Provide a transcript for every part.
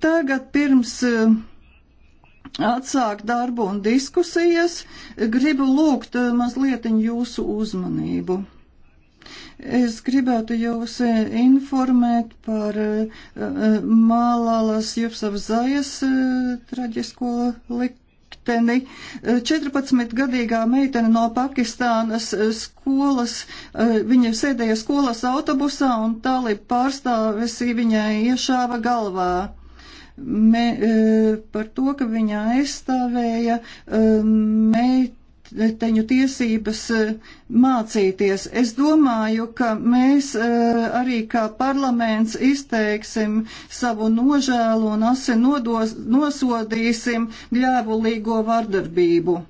Tagad pirms eh, atsākt darbu un diskusijas, gribu lūgt eh, mazliet jūsu uzmanību. Es gribētu jūs eh, informēt par Mālālas Jupsavzajas traģisko likteni. 14-gadīgā meitene no Pakistānas skolas, viņa sēdēja skolas autobusā un tālība pārstāvesi viņai iešāva galvā me, e, par to, ka viņa aizstāvēja e, meitu teņu tiesības e, mācīties. Es domāju, ka mēs arī kā parlaments izteiksim savu nožēlu un asi nodos, nosodīsim gļēvulīgo vardarbību.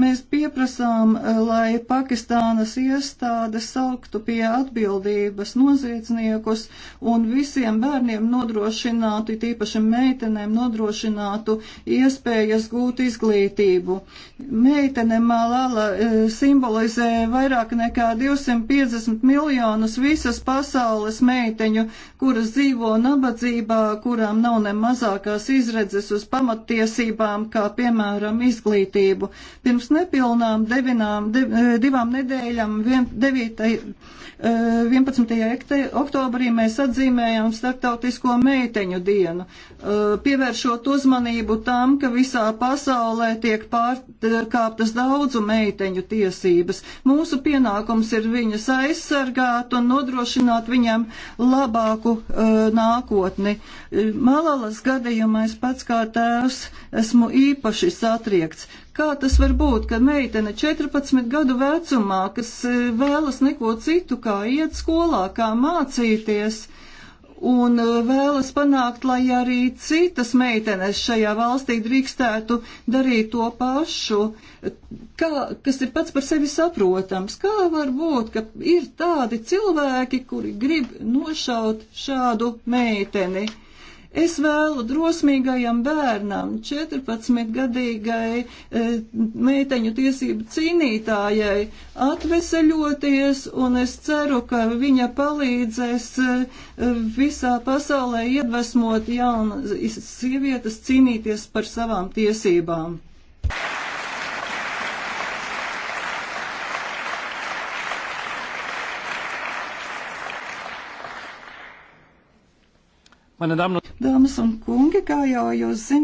Mēs pieprasām, eh, lai Pakistānas iestādes sauktu pie atbildības noziedzniekus un visiem bērniem nodrošinātu, tīpaši meitenēm nodrošinātu iespējas gūt izglītību. Meitene Malala eh, simbolizē vairāk nekā 250 miljonus visas pasaules meiteņu, kuras dzīvo nabadzībā, kurām nav ne mazākās izredzes uz pamattiesībām, kā piemēram izglītību. Pirms pirms nepilnām devinām, de, eh, divām nedēļām, 11. Eh, oktobrī mēs atzīmējām Startautisko meiteņu dienu, eh, pievēršot uzmanību tam, ka visā pasaulē tiek pārkāptas daudzu meiteņu tiesības. Mūsu pienākums ir viņas aizsargāt un nodrošināt viņam labāku nākotni. Malalas gadījumā es pats kā tēvs esmu īpaši satriekts. Kā tas var būt? būt, ka meitene 14 gadu vecumā, kas e, vēlas neko citu, kā iet skolā, kā mācīties, un e, vēlas panākt, lai arī citas meitenes šajā valstī drīkstētu darīt to pašu, kā, kas ir pats par sevi saprotams. Kā var būt, ka ir tādi cilvēki, kuri grib nošaut šādu meiteni? Es vēlu drosmīgajam bērnam, 14-gadīgai e, meiteņu tiesību cīnītājai, atveseļoties, un es ceru, ka viņa palīdzēs e, visā pasaulē iedvesmot jaunas sievietes cīnīties par savām tiesībām. Dāmas un kungi, kā jau jūs zināt,